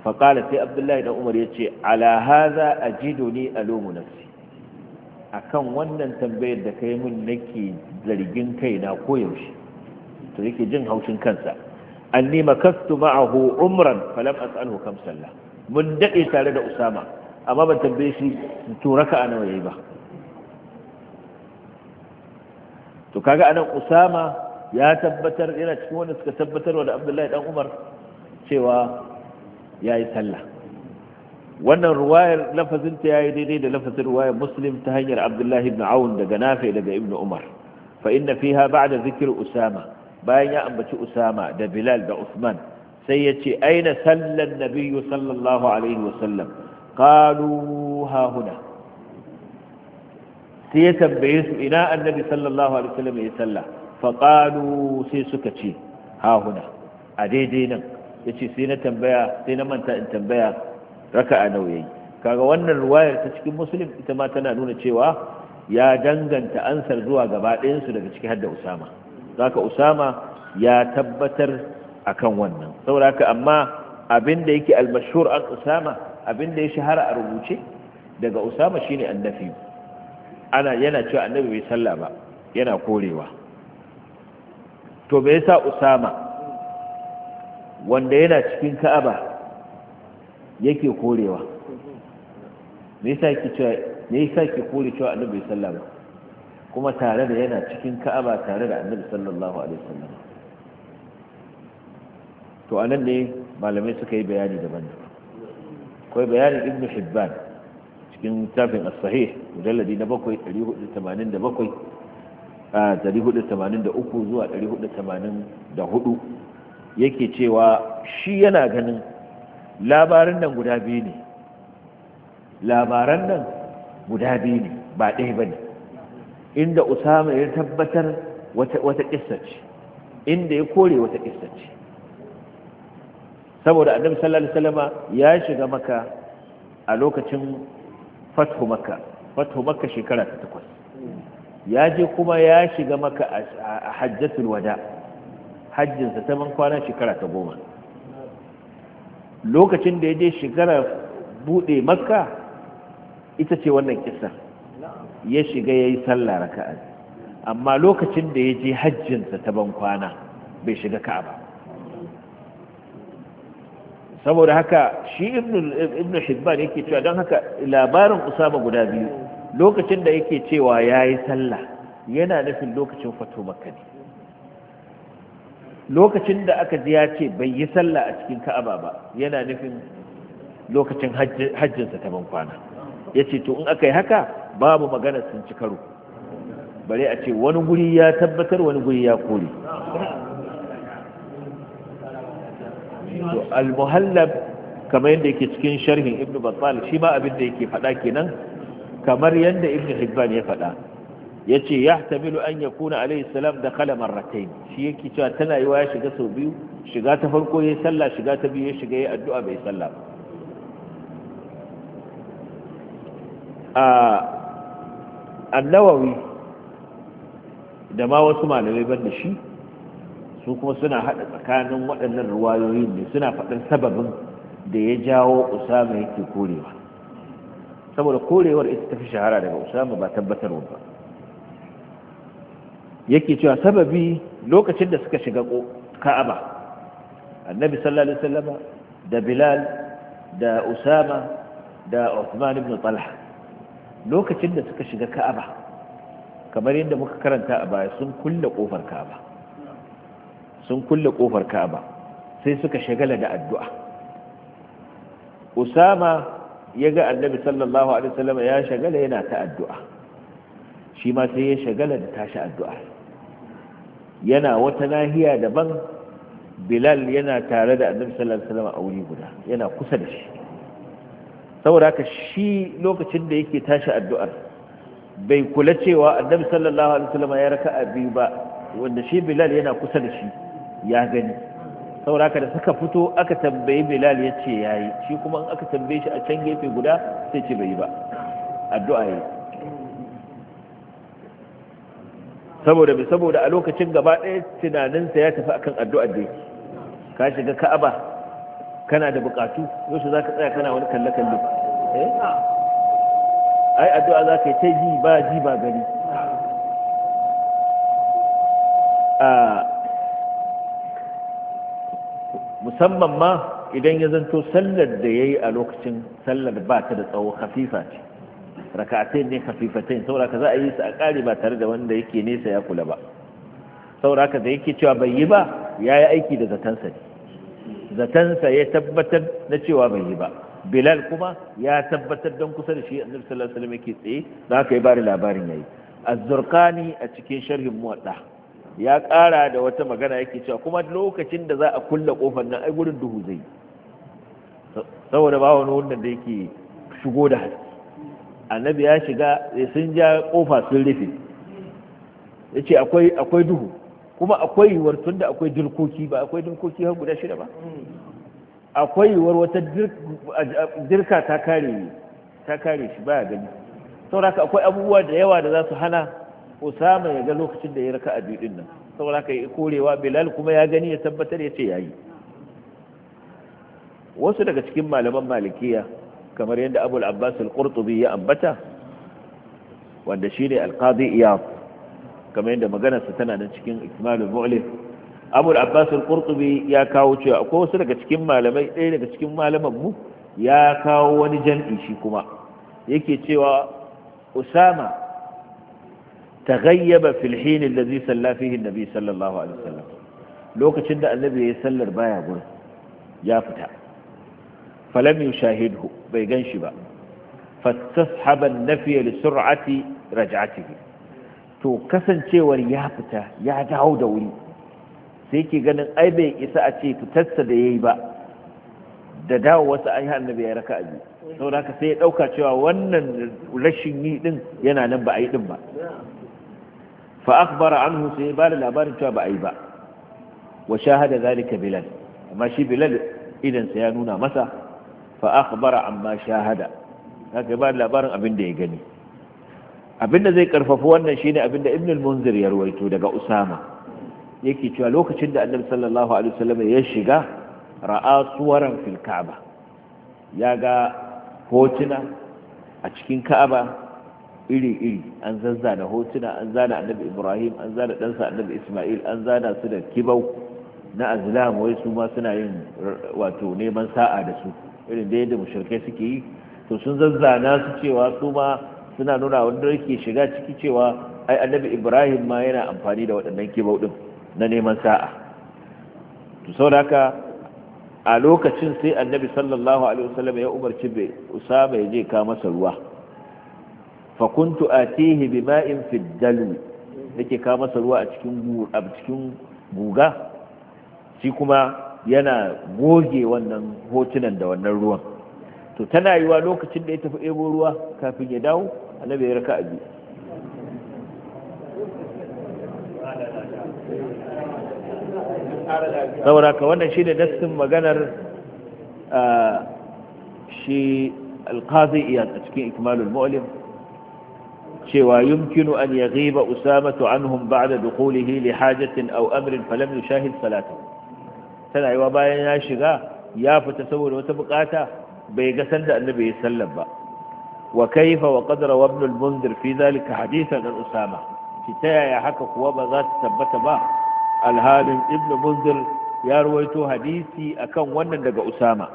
[SPEAKER 1] faƙala sai abdullahi da umar ya ce ala haza ajidu ni alumu nafsi kan wannan tambayar da ka yi min nake zargin kaina koyaushe to yake jin haushin kansa anni makastu ma'ahu umran falam as'alhu kam sallah mun dade tare da usama amma ban tambaye shi to raka'a nawa yayi ba to kaga anan usama ya tabbatar yana cikin wanda suka tabbatar da abdullahi dan umar cewa yayi sallah wannan ruwayar lafazin ta yayi daidai da lafazin ruwayar muslim ta hanyar abdullahi ibn aun daga nafi daga ibn umar fa inna fiha ba'da zikr usama bayan ya ambaci usama da bilal da usman sai ya ce aina sallan nabiyyu sallallahu alaihi wasallam qalu ha sai ya tambaye su ina annabi sallallahu alaihi wasallam ya salla fa qalu sai suka ce ha a daidai nan yace sai na tambaya sai na manta in tambaya raka'a nawa yayi kaga wannan ruwayar ta cikin muslim ita ma tana nuna cewa ya danganta ansar zuwa gaba ɗayansu daga ciki hadda usama zaka usama ya tabbatar akan wannan sauraka amma abin da yake mashhur an usama abin da ya shahara a rubuce daga usama shine annabi ana yana cewa annabi bai salla ba yana korewa to me yasa usama wanda yana cikin ka'aba yake korewa me yasa yake cewa me yasa yake kore cewa annabi bai salla ba kuma tare da yana cikin ka'aba tare da annabi sallallahu alaihi wasallam to anan ne malamai suka yi bayani daban akwai bayanin ibnu hibban cikin tafin as-sahih mujalladi na 7 487 a 483 zuwa 484 yake cewa shi yana ganin labaran nan guda biyu ne labaran nan guda biyu ne ba ɗaya ba ne inda usama ya tabbatar wata kissa ce inda ya kore wata kissa ce saboda annabi sallallahu alaihi wasallama ya shiga maka a lokacin fathu makka fathu makka shekara ta takwas ya je kuma ya shiga maka a hajjatul wada hajjinsa ta man kwana shekara ta goma lokacin da ya je shekara bude makka ita ce wannan kissa ya shiga ya yi sallah raka'a amma lokacin da ya je hajjinsa ta ban bai shiga ka'aba saboda haka shi ibn hibban yake cewa don haka labarin usama guda biyu lokacin da yake cewa ya yi sallah yana nufin lokacin fato makka ne lokacin da aka ji ya ce bai yi sallah a cikin ka'aba ba yana nufin lokacin hajjinsa ta bankwana. kwana ya ce to in aka yi haka babu magana sun ci karo bare a ce wani guri ya tabbatar wani guri ya kore al-muhallab kamar yadda yake cikin sharhin ibn battal shi ma abin da yake faɗa kenan kamar yadda ibn hibban ya faɗa yace ce ya tamilu an yakuna kuna salam da kala marratayn shi yake cewa tana yi ya shiga sau biyu shiga ta farko ya sallah shiga ta biyu shiga ya addu'a bai sallah ba ah, annawawi da ma wasu malamai ban da shi su kuma suna haɗa tsakanin waɗannan ruwayoyin ne suna faɗin sababin da ya jawo usama yake korewa saboda korewar ita tafi shahara daga usama ba tabbatarwa ba yake cewa sababi lokacin da suka shiga ka'aba annabi sallallahu alaihi da bilal da usama da uthman ibn talha lokacin da suka shiga ka'aba kamar yadda muka karanta a baya sun kulle kofar ka'aba sun kulle kofar ka'aba sai suka shagala da addu'a usama ya ga annabi sallallahu alaihi wasallam ya shagala yana ta addu'a shi ma sai ya shagala da tashi addu'a yana wata nahiya daban bilal yana tare da annabi sallallahu alaihi wasallam a wuri guda yana kusa da shi saboda haka shi lokacin da yake tashi addu'ar bai kula cewa annabi sallallahu alaihi wasallam ya raka biyu ba wanda shi bilal yana kusa da shi ya gani saboda haka da suka fito aka tambaye bilal ya ce ya yi shi kuma in aka tambaye shi a can gefe guda sai ce bai yi ba addu'a yi saboda bi saboda a lokacin gaba ɗaya tunaninsa ya tafi akan addu'ar da ka shiga ka'aba kana da bukatu yau za ka tsaya kana wani kalle-kalle eh? ai addu'a za ka yi ta ji ba ji ba gari musamman ma idan ya zanto sallar da ya yi a lokacin sallar ba ta da tsawo hafifa ce rakatai ne hafifatai sauraka za a yi su a ƙari ba tare da wanda yake nesa ya kula ba sauraka da yake cewa bai yi ba ya yi aiki da zatansa ne zatansa ya tabbatar na cewa bai yi ba bilal kuma ya tabbatar don kusa da shi nan sallallahu alaihi wasallam yake tsaye da aka yi bari labarin yayi az-zurqani a cikin sharhin muwaddah ya ƙara da wata magana yake cewa kuma lokacin da za a kulla kofar nan ai gurin duhu zai saboda ba wani wannan da yake shigo da haske annabi ya shiga sun ja kofa sun rufe yace akwai akwai duhu kuma akwai yiwuwar tun da akwai dirkoki ba akwai dirkoki har guda shida ba akwai yiwuwar wata dirka ta kare ta kare shi baya gani sauraka akwai abubuwa da yawa da za su hana usama ya ga lokacin da ya raka a biyu nan sauraka ya korewa bilal kuma ya gani ya tabbatar ya ce ya yi wasu daga cikin malaman malikiya kamar yadda abul abbas al-qurtubi ya ambata wanda shine al-qadi iyad kamar yadda maganarsa tana nan cikin ikmalul mu'lim abul abbas al-qurtubi ya kawo cewa ko wasu daga cikin malamai ɗaya daga cikin malaman mu ya kawo wani jan'i shi kuma yake cewa usama taghayyaba fil hin allazi salla fihi annabi sallallahu alaihi wasallam lokacin da annabi ya sallar baya gurin ya fita falam yushahidhu bai ganshi ba فاستصحب النفي sur'ati رجعته to kasancewar ya fita ya dawo da wuri sai ke ganin ai bai isa a ce fitarsa da yayi ba da dawo wasu an yi annabi ya raka abi sau da sai ya ɗauka cewa wannan rashin yi din yana nan ba a yi din ba fa akbara anhu sai ya bada labarin cewa ba a yi ba wa shahada zalika bilal amma shi bilal idansa ya nuna masa fa akbara amma shahada haka ya bada labarin abin da ya gani abinda zai karfafa wannan shine abinda ibn al-munzir ya ruwaito daga usama yake cewa lokacin da annabi sallallahu alaihi wasallam ya shiga ra'a suwaran fil ka'aba ya ga hotuna a cikin ka'aba iri-iri an zazzana hotuna an zana annabi ibrahim an zana ɗansa annabi isma'il an zana su da kibau na azlam wai su ma suna yin wato neman sa'a da su irin da yadda mushrikai suke yi to sun zazzana su cewa su ma suna nuna wanda yake shiga ciki cewa ai annabi ibrahim ma yana amfani da waɗannan kibau na neman sa'a to sau haka a lokacin sai annabi sallallahu alaihi wasallam ya umarci bai usama ya je ka masa ruwa fa kuntu atihi bima'in fi dalu yake ka masa ruwa a cikin a cikin guga shi kuma yana goge wannan hotunan da wannan ruwan to tana yiwa lokacin da ya tafi ebo ruwa kafin ya dawo annabi ya raka biyu saboda ka wannan shi ne dastin maganar shi alkazi iya a cikin ikmalul mu'alim cewa yumkinu an ya ghiba usamatu anhum ba'da dukulihi li hajatin aw amrin falam yushahid salata tana yiwa bayan ya shiga ya fita saboda wata bukata bai ga sanda annabi ya sallar ba وكيف وقد روى ابن hadisa في Usama. حديثا عن اسامه كتايا يا حكى قوى بذات ثبت با الهادم ابن منذر يا رويتو حديثي اكن wannan daga اسامه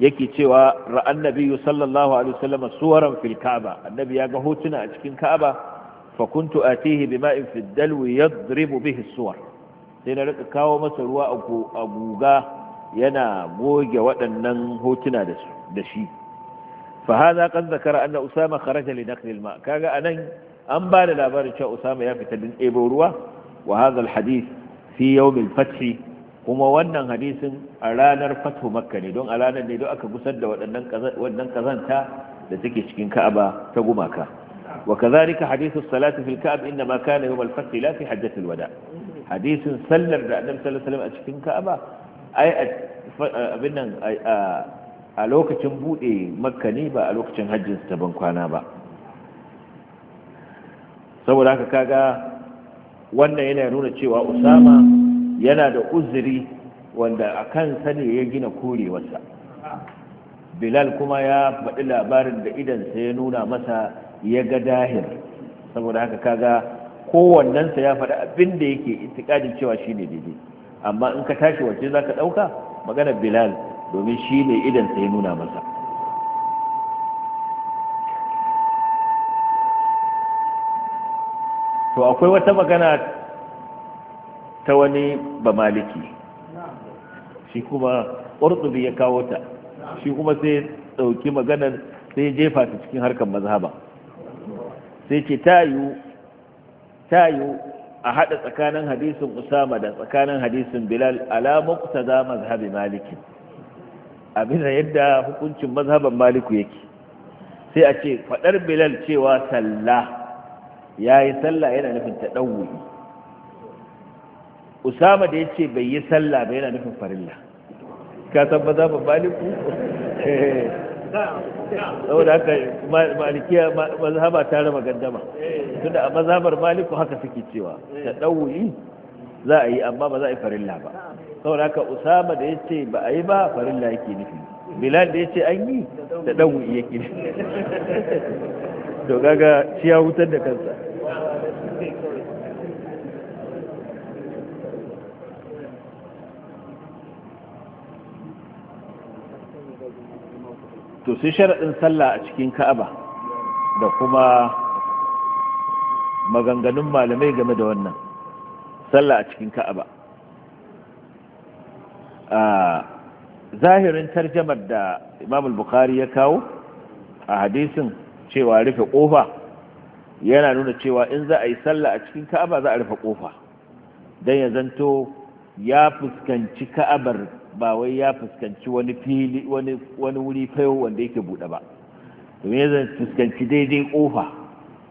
[SPEAKER 1] yake cewa ra annabi sallallahu alaihi wasallam suwara fil kaaba annabi ya ga hotuna a cikin kaaba fa kuntu atihi bima in fi dalwi yadrib bihi suwar sai na rika kawo masa ruwa a guga yana goge waɗannan hotuna da shi fa hadha qad zakara anna usama kharaja li naqli al-ma kaga anan an ba da labarin cewa usama ya fita din ɗebo ruwa wa hadha al-hadith fi kuma wannan hadisin a ranar fathu makka ne don a ranar ne don aka gusar da waɗannan kazanta da take cikin ka'aba ta gumaka wa kazalika hadithu salati fil ka'ab inna ma kana yawm al-fath la fi hajjatil wada hadisin sallar da annabi sallallahu alaihi wasallam a cikin ka'aba ai abin nan a lokacin buɗe makka ne ba a lokacin hajjin ta ban kwana ba saboda haka kaga wannan yana nuna cewa usama yana da uzuri wanda a kansa ne ya gina korewarsa bilal kuma ya faɗi labarin da idansa ya nuna masa ya ga dahir saboda haka kaga kowannensa ya faɗi abin da yake itikadin cewa shine daidai amma in ka tashi waje za ka ɗauka maganar bilal domin shi ne idan sai nuna masa to akwai wata magana ta wani ba maliki shi kuma ƙurtubi ya kawo ta shi kuma sai ɗauki maganar sai ya jefa ta cikin harkar mazhaba sai ce tayu tayu a haɗa tsakanin hadisin usama da tsakanin hadisin bilal ala muqtada mazhabi malikin abin da yadda hukuncin mazhaban maliku yake sai a ce faɗar bilal cewa sallah ya yi sallah yana nufin ta ɗauwi usama da ya ce bai yi sallah ba yana nufin farilla ka san mazhaban maliku saboda haka malikiya mazhaba ta raba gandama tunda a mazhabar maliku haka suke cewa ta ɗauwi za a yi amma ba za a yi farilla ba saboda haka usama da yace ba a yi ba farin da yake nufi bilal da yace an yi da dan wuyi yake nufi to kaga shi ya wutar da kansa to sai sharaɗin sallah a cikin ka'aba da kuma maganganun malamai game da wannan sallah a cikin ka'aba zahirin tarjamar da imam bukhari ya kawo a hadisin cewa rufe kofa yana nuna cewa in za a yi sallah a cikin ka'aba za a rufe kofa don ya zanto ya fuskanci ka'abar ba wai ya fuskanci wani fili wani wuri fayo wanda yake buɗe ba domin ya zan fuskanci daidai kofa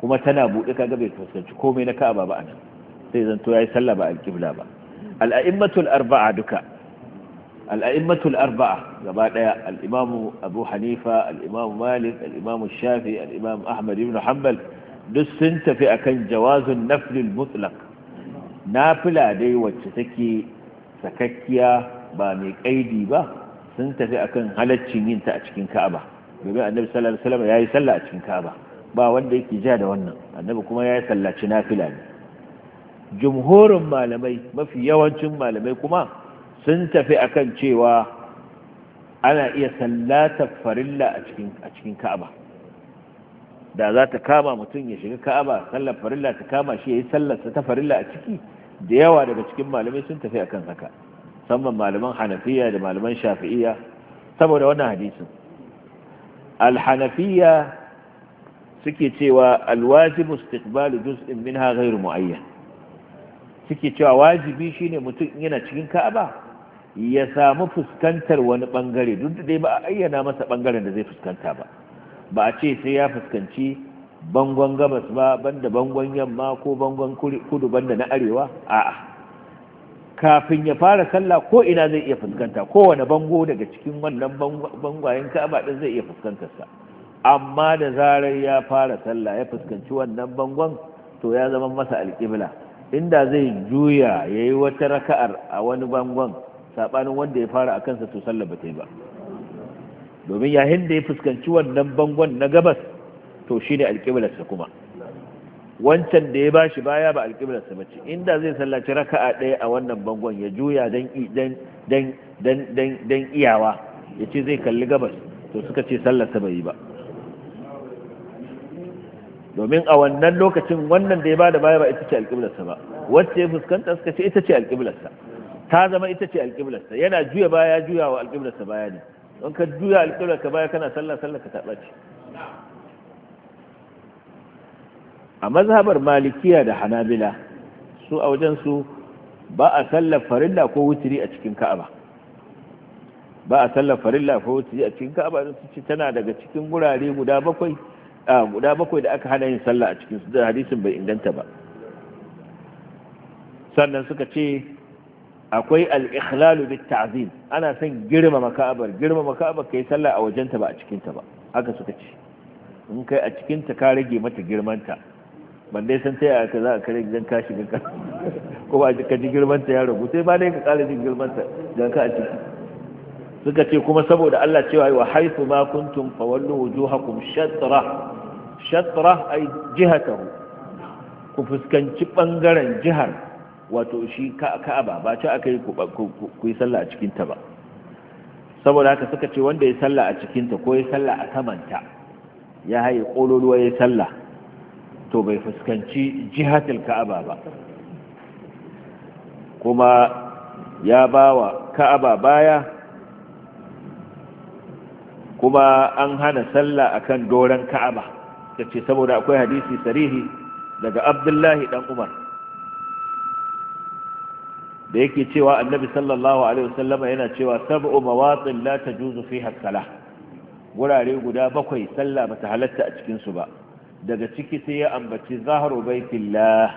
[SPEAKER 1] kuma tana buɗe kaga bai fuskanci komai na ka'aba ba anan sai zanto ya yi sallah ba alƙibla ba al'a'immatul arba'a duka al'a'immatul arba'a gaba ɗaya. al'imamu abu hanifa al'imamu malik al'imamu shafi al'imamu ahmad ibn hanbal duk sun tafi akan jawazun naflil Mutlak. nafila dai wacce take sakakkiya ba mai kaidi ba sun tafi akan halaccin yin ta a cikin ka'aba domin annabi sallallahu alaihi wasallam yayi sallah a cikin ka'aba ba wanda yake ja da wannan annabi kuma yayi sallaci nafila ne jumhurin malamai mafi yawancin malamai kuma sun tafi akan cewa ana iya sallatar farilla a cikin ka'aba da za ta kama mutum ya shiga ka'aba sallar farilla ta kama shi ya yi sallarsa ta farilla a ciki da yawa daga cikin malamai sun tafi akan haka musamman malaman hanafiya da malaman shafi'iya saboda wannan hadisin alhanafiya suke cewa alwajibu istiqbalu juz'in minha ghairu muayyan suke cewa wajibi shine mutum yana cikin ka'aba ya samu fuskantar wani bangare duk da dai ba a ayyana masa bangaren da zai fuskanta ba ba a ce sai ya fuskanci bangon gabas ba banda bangon yamma ko bangon kudu banda na arewa a'a kafin ya fara sallah ko ina zai iya fuskanta kowane bango daga cikin wannan bangwayen ka'aba din zai iya fuskantar sa amma da zarar ya fara sallah ya fuskanci wannan bangon to ya zama masa alƙibla inda zai juya yayi wata raka'ar a wani bangon sabanin wanda ya fara a kansa to sallar ba ta yi ba domin yayin da ya fuskanci wannan bangon na gabas to shi ne alƙiblarsa kuma wancan da ya bashi baya ba alƙiblarsa ba ce inda zai sallaci raka'a ɗaya a wannan bangon ya juya don iyawa ya ce zai kalli gabas to suka ce sallarsa bai yi ba domin a wannan lokacin wannan da ya bada baya ba ita ce alƙiblarsa ba wacce ya fuskanta suka ce ita ce alƙiblarsa ta zama ita ce alƙiblarsa yana juya baya juya wa alƙiblarsa baya ne don ka juya alƙiblarka baya kana sallah sallah ka taɓa ce a mazhabar malikiya da hanabila su a wajensu ba a sallar farilla ko wutiri a cikin ka'aba ba a sallar farilla ko wutiri a cikin ka'aba su ce tana daga cikin gurare guda bakwai guda bakwai da aka hana yin sallah a cikin su da hadisin bai inganta ba sannan suka ce akwai al-ikhlalu bit ana son girmama ka'abar girmama ka'abar kai sallah a wajenta ba a cikin ta ba haka suka ce in kai a cikin ta ka rage mata girmanta ban dai san taya ka za a kare gidan kashi shiga ka ko ba ka ji girmanta ya ragu sai ba dai ka kare jin girmanta dan ka a ciki suka ce kuma saboda Allah cewa wa haythu ma kuntum fawallu wujuhakum shatra shatra ay jihatahu ku fuskanci bangaren jihar wato shi ka'aba ba ci aka yi ku yi sallah a cikinta ba saboda haka suka ce wanda ya sallah a cikinta ko ya sallah a samanta ya haye ƙololuwa ya sallah to bai fuskanci jihatul ka'aba ba kuma ya ba wa ka'aba baya kuma an hana sallah akan doron ka'aba ta ce saboda akwai hadisi sarihi daga abdullahi dan umar da yake cewa annabi sallallahu alaihi wasallama yana cewa sab'u mawatin la tajuzu fiha salah gurare guda bakwai sallah bata halatta a cikin su ba daga ciki sai ya ambaci zaharu baitillah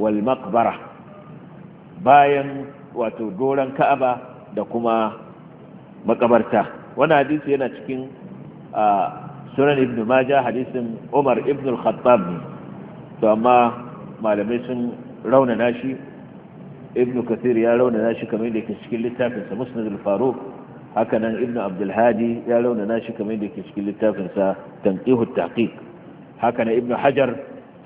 [SPEAKER 1] wal maqbara bayan wato doran ka'aba da kuma makabarta wannan hadisi yana cikin sunan ibn majah hadisin umar ibn al-khattab ne to amma malamai sun raunana shi ibnu kathir ya raunana shi kamar da yake cikin littafinsa musnad al-faruq hakanan nan ibnu abdul hadi ya raunana shi kamar da yake cikin littafinsa tanqihu taqiq hakanan nan ibnu hajar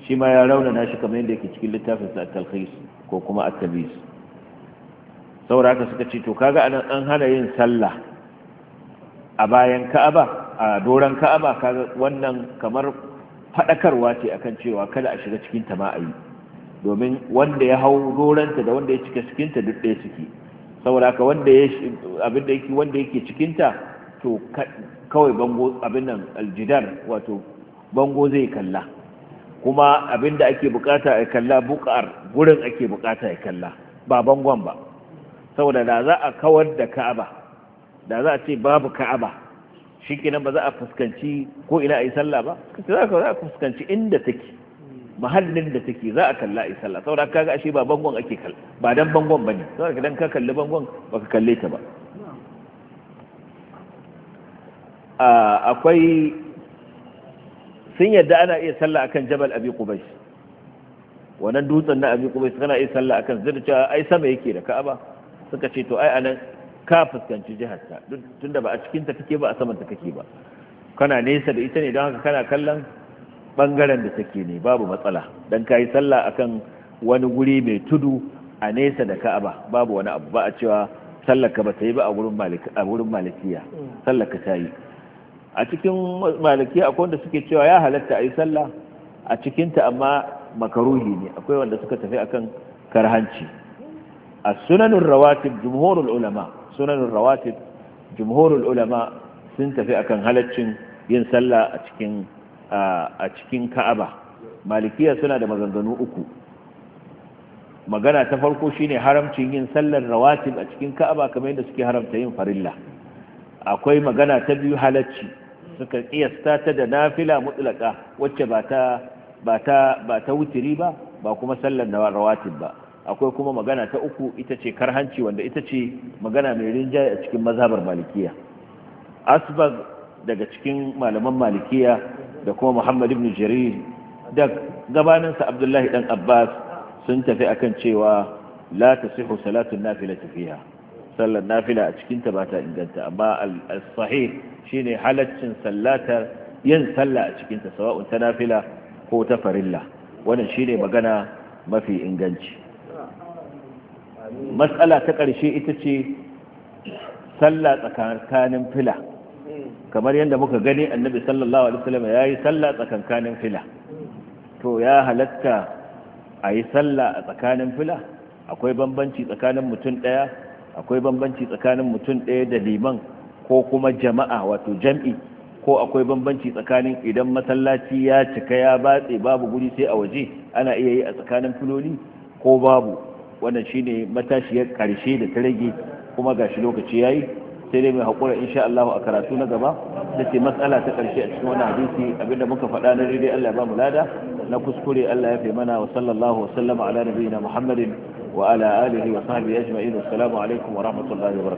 [SPEAKER 1] shi ma ya raunana shi kamar da yake cikin littafinsa at-talkhis ko kuma at-tabiz saboda haka suka ce to kaga anan an hana yin sallah a bayan ka'aba a doran ka'aba kaga wannan kamar fadakarwa ce akan cewa kada a shiga cikin ta ma domin wanda ya hau zoranta da wanda ya cika cikinta duk ɗaya suke saboda ka wanda ya abin da yake wanda yake cikinta to kawai bango abin nan aljidar wato bango zai kalla kuma abin da ake bukata ya kalla bukar gurin ake bukata ya kalla ba bangon ba saboda da za a kawar da ka'aba da za a ce babu ka'aba shikenan ba za a fuskanci ko ina a yi sallah ba za a fuskanci inda take mahallin da take za a kalla a sallah saboda kaga ashe ba bangon ake kalla ba dan bangon bane saboda dan ka kalli bangon baka kalle ta ba akwai sun yadda ana iya sallah akan jabal abi qubais wannan dutsen na abi qubais kana iya sallah akan zai ce ai sama yake da ka'aba suka ce to ai anan ka fuskanci jihar ta tunda ba a cikin ta kake ba a saman ta kake ba kana nesa da ita ne don haka kana kallon bangaren da take ne babu matsala dan kai sallah akan wani guri mai tudu a nesa da Ka'aba babu wani abu ba a cewa sallar ka ba ta yi ba a gurin malikiya sallar ka ta yi a cikin malikiya akwai wanda suke cewa ya halatta a yi sallah a cikin ta amma makaruhi ne akwai wanda suka tafi akan karhanci a sunanun rawatib jumhurul ulama sunanun rawatib jumhurul ulama sun tafi akan halaccin yin sallah a cikin a cikin ka'aba malikiya suna da maganganu uku magana ta farko shine haramcin yin sallar rawatib a cikin ka'aba kamar yadda suke haramta yin farilla akwai magana ta biyu halacci suka kiyasta ta da nafila mutlaka wacce ba ta ba ta ba ta wutiri ba ba kuma sallar rawatib ba akwai kuma magana ta uku ita ce karhanci wanda ita ce magana mai rinjaye a cikin mazhabar malikiya asbag daga cikin malaman malikiya da kuma Muhammad ibn Jarir da gabaninsa Abdullahi dan Abbas sun tafi akan cewa la tasihu salatun nafila tafiya sallar nafila a cikin ta ba ta inganta amma al-sahih shine halaccin sallatar yin sallah a cikin ta sawa'un ta nafila ko ta farilla wannan shine magana mafi inganci matsala ta ƙarshe ita ce sallah tsakanin fila kamar yadda muka gani annabi sallallahu alaihi wasallam ya yi sallah tsakankanin fila to ya halatta a yi sallah a tsakanin fila akwai bambanci tsakanin mutum ɗaya akwai bambanci tsakanin mutum ɗaya da liman ko kuma jama'a wato jam'i ko akwai bambanci tsakanin idan masallaci ya cika ya batse babu guri sai a waje ana iya yi a tsakanin filoli ko babu wannan shine matashiyar karshe da ta rage kuma gashi lokaci yayi sai dai mai haƙura insha Allah a karatu na gaba da ce matsala ta ƙarshe a cikin wani hadisi abinda muka faɗa na daidai Allah ya ba mu lada na kuskure Allah ya fi mana wa sallallahu
[SPEAKER 2] wa sallama ala nabiyina Muhammadin wa ala alihi wa sahbihi ajma'in assalamu alaikum wa rahmatullahi wa barakatuh